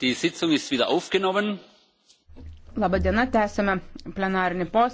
Die Sitzung ist wieder aufgenommen. Labadiena, tęsime plenarinį posėdį.